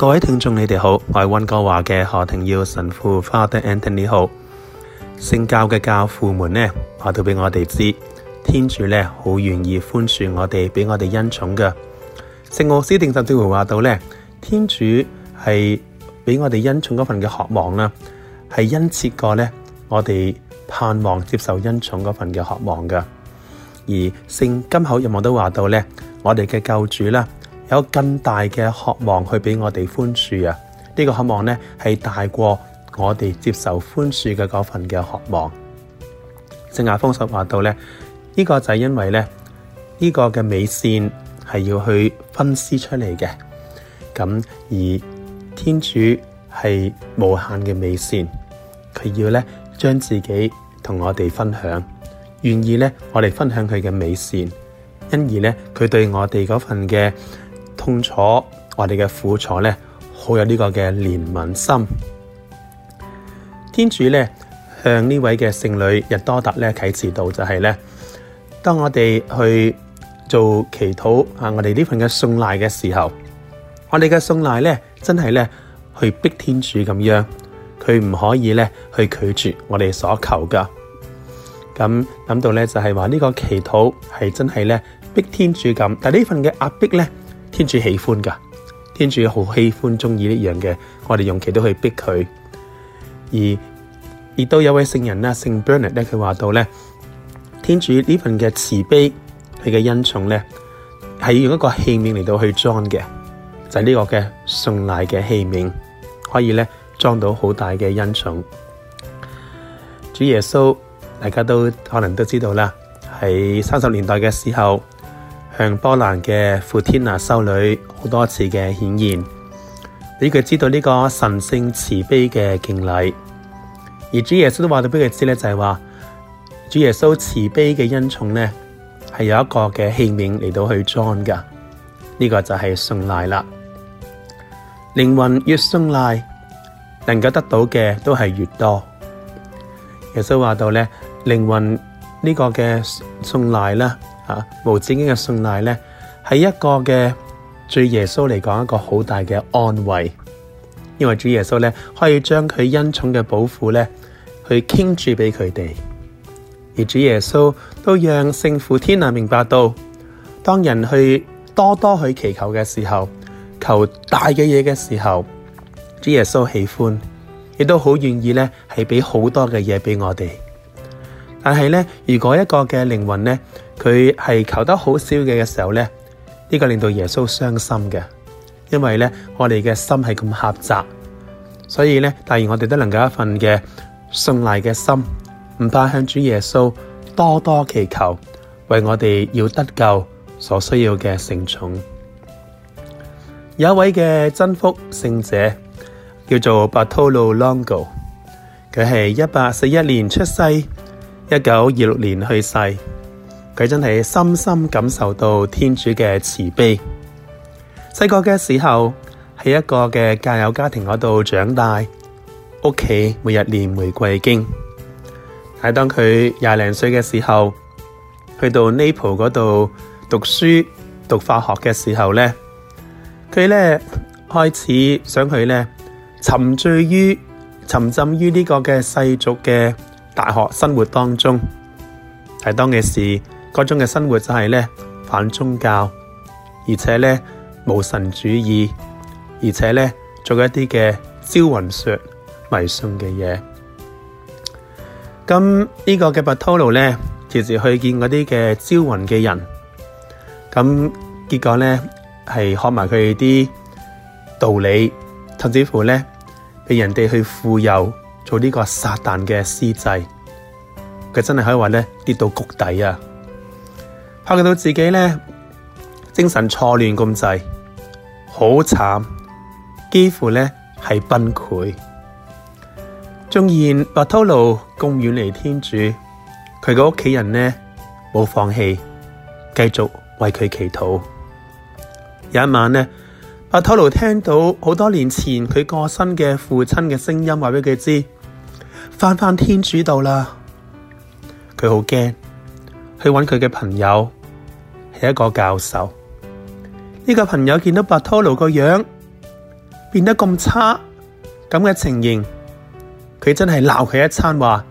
各位聽眾，你哋好，我係溫哥華嘅何庭耀神父 Father Anthony 好。聖教嘅教父們呢，話到俾我哋知，天主呢好願意寬恕我哋，俾我哋恩寵嘅。聖奧斯定甚至會話到呢，天主係俾我哋恩寵嗰份嘅渴望啦，係殷切過呢我哋盼望接受恩寵嗰份嘅渴望嘅。而聖金口若望都話到呢，我哋嘅救主啦。有更大嘅渴望去俾我哋寬恕啊！呢、這個渴望呢，係大過我哋接受寬恕嘅嗰份嘅渴望。聖亞風神話到咧，呢、這個就是因為呢，呢、這個嘅美善係要去分施出嚟嘅，咁而天主係無限嘅美善，佢要呢將自己同我哋分享，願意呢我哋分享佢嘅美善，因而呢，佢對我哋嗰份嘅，痛楚，我哋嘅苦楚咧，好有呢個嘅憐憫心。天主咧向呢位嘅聖女日多達咧啟示道：「就係咧，當我哋去做祈禱啊，我哋呢份嘅送賴嘅時候，我哋嘅送賴咧真係咧去逼天主咁樣，佢唔可以咧去拒絕我哋所求噶。咁諗到咧就係話呢個祈禱係真係咧逼天主咁，但呢份嘅壓迫咧。天主喜歡㗎，天主好喜歡鍾意呢樣嘅，我哋用其都去逼佢，而亦都有一位聖人啦，聖 Bernard 佢話到呢天主呢份嘅慈悲，佢嘅恩寵咧，係要用一個器皿嚟到去裝嘅，就係、是、呢個嘅送禮嘅器皿，可以呢裝到好大嘅恩寵。主耶穌，大家都可能都知道啦，喺三十年代嘅時候。向波蘭嘅傅天娜修女好多次嘅顯現，俾佢知道呢個神聖慈悲嘅敬禮。而主耶穌都話到俾佢知咧，就係話主耶穌慈悲嘅恩寵呢係有一個嘅器皿嚟到去裝噶。呢、這個就係信賴啦。靈魂越信賴，能夠得到嘅都係越多。耶穌話到呢，靈魂這個的送呢個嘅信賴啦。啊！無止境嘅信賴咧，係一個嘅，主耶穌嚟講一個好大嘅安慰，因為主耶穌咧可以將佢恩寵嘅寶庫咧去傾注俾佢哋，而主耶穌都讓聖父天啊明白到，當人去多多去祈求嘅時候，求大嘅嘢嘅時候，主耶穌喜歡，亦都好願意咧係俾好多嘅嘢俾我哋。但係咧，如果一個嘅靈魂咧，佢係求得好少嘅時候咧，呢、呢個令到耶穌傷心嘅，因為呢，我哋嘅心係咁狹窄，所以呢，但願我哋都能夠一份嘅信賴嘅心，唔怕向主耶穌多多祈求，為我哋要得救所需要嘅聖寵。有一位嘅真福聖者叫做巴托魯朗古，佢係一八四一年出世，一九二六年去世。佢真係深深感受到天主嘅慈悲。細個嘅時候喺一個嘅教友家庭嗰度長大，屋企每日念玫瑰經。喺當佢廿零歲嘅時候，去到 Nepal 嗰度讀書讀化學嘅時候咧，佢咧開始想去咧沉醉於沉浸於呢個嘅世俗嘅大學生活當中。喺當嘅時候。嗰種嘅生活就係呢反宗教，而且呢無神主義，而且呢做一啲嘅招魂術迷信嘅嘢。咁呢、這個嘅巴托魯呢，其實去見嗰啲嘅招魂嘅人，咁結果呢，係學埋佢啲道理，甚至乎呢，俾人哋去附有做呢個撒旦嘅施制，佢真係可以話呢，跌到谷底啊！發覺到自己咧精神錯亂咁滯，好慘，幾乎咧係崩潰。縱然巴托魯咁遠離天主，佢個屋企人咧冇放棄，繼續為佢祈禱。有一晚咧，巴托魯聽到好多年前佢過身嘅父親嘅聲音告他，話畀佢知翻翻天主度啦。佢好驚，去揾佢嘅朋友。一個教授，呢個朋友見到白托魯個樣變得咁差咁嘅情形，佢真係鬧佢一餐話：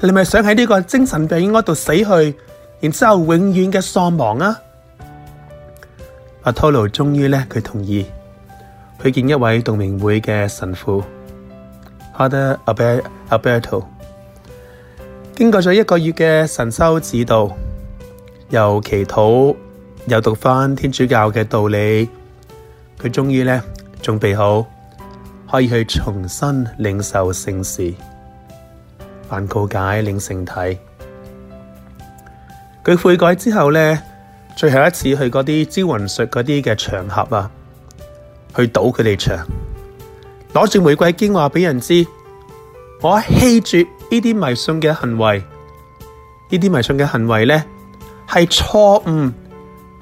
你係咪想喺呢個精神病院嗰度死去，然之後永遠嘅喪亡啊！白托魯終於咧佢同意，佢見一位道明會嘅神父，h a r 阿德阿比阿比托，經過咗一個月嘅神修指導，由祈禱。又讀返天主教嘅道理，佢終於咧準備好，可以去重新領受聖事，辦告解，領聖體。佢悔改之後咧，最後一次去嗰啲招魂術嗰啲嘅場合啊，去賭佢哋場，攞住玫瑰經話俾人知，我棄住呢啲迷信嘅行為，呢啲迷信嘅行為咧係錯誤。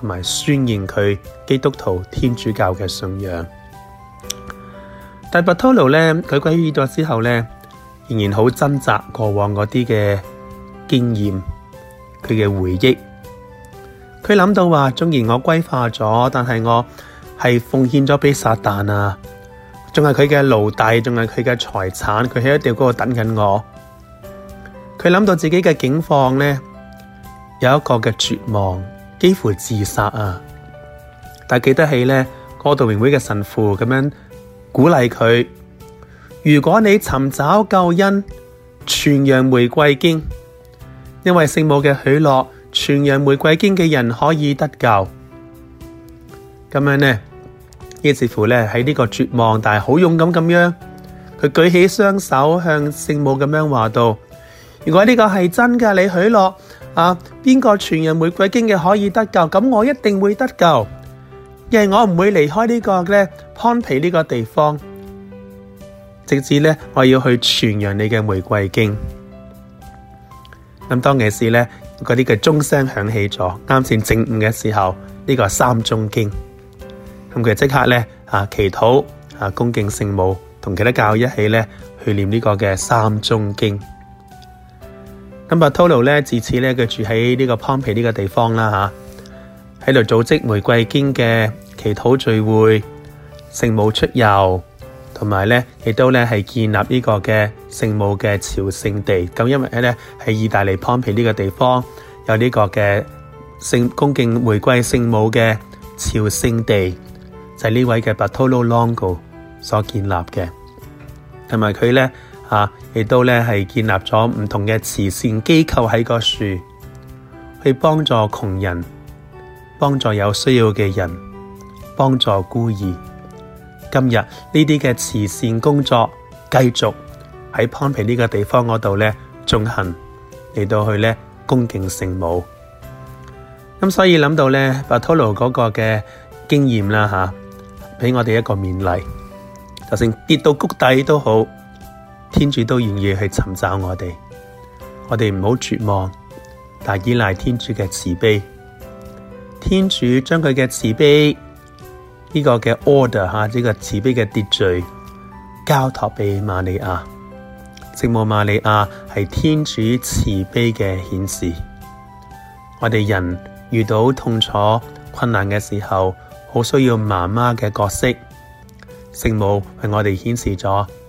同埋宣言佢基督徒天主教嘅信仰，但白托魯咧，佢歸於異教之後咧，仍然好掙扎過往嗰啲嘅經驗，佢嘅回憶，佢諗到話，縱然我歸化咗，但係我係奉獻咗俾撒旦啊，仲係佢嘅奴隸，仲係佢嘅財產，佢喺一地嗰度等緊我，佢諗到自己嘅境況咧，有一個嘅絕望。幾乎自殺啊！但係記得起呢，哥道明會嘅神父咁樣鼓勵佢：如果你尋找救恩，傳揚玫瑰經，因為聖母嘅許諾，傳揚玫瑰經嘅人可以得救。咁樣呢，亦似乎咧喺呢個絕望，但係好勇敢咁樣，佢舉起雙手向聖母咁樣話道：如果呢個係真噶，你許諾。啊！邊個傳揚玫瑰經嘅可以得救？咁我一定會得救，因為我唔會離開呢個嘅龐皮呢個地方，直至咧我要去傳揚你嘅玫瑰經。咁當其時咧，嗰啲嘅鐘聲響起咗，啱先正午嘅時候，呢個三鐘經，咁佢即刻咧啊祈禱啊恭敬聖母，同其他教友一起咧去念呢個嘅三鐘經。咁白托羅咧，自此咧，佢住喺呢個龐皮呢個地方啦，吓喺度組織玫瑰經嘅祈禱聚會、聖母出遊，同埋咧亦都咧係建立呢個嘅聖母嘅朝聖地。咁因為咧喺意大利龐皮呢個地方有呢個嘅聖恭敬玫瑰聖母嘅朝聖地，就係、是、呢位嘅白托羅朗古所建立嘅，同埋佢咧。吓、啊，亦都咧，係建立咗唔同嘅慈善機構喺個樹，去幫助窮人，幫助有需要嘅人，幫助孤兒。今日呢啲嘅慈善工作繼續喺潘皮呢個地方嗰度咧進行，嚟到去咧恭敬聖母。咁、嗯、所以諗到咧，白托路嗰個嘅經驗啦，吓、啊，俾我哋一個勉勵，就算跌到谷底都好。天主都願意去尋找我哋，我哋唔好絕望，但依賴天主嘅慈悲。天主將佢嘅慈悲呢、呢個嘅 order 這呢個慈悲嘅秩序交託俾瑪利亞。聖母瑪利亞係天主慈悲嘅顯示。我哋人遇到痛楚困難嘅時候，好需要媽媽嘅角色。聖母為我哋顯示咗。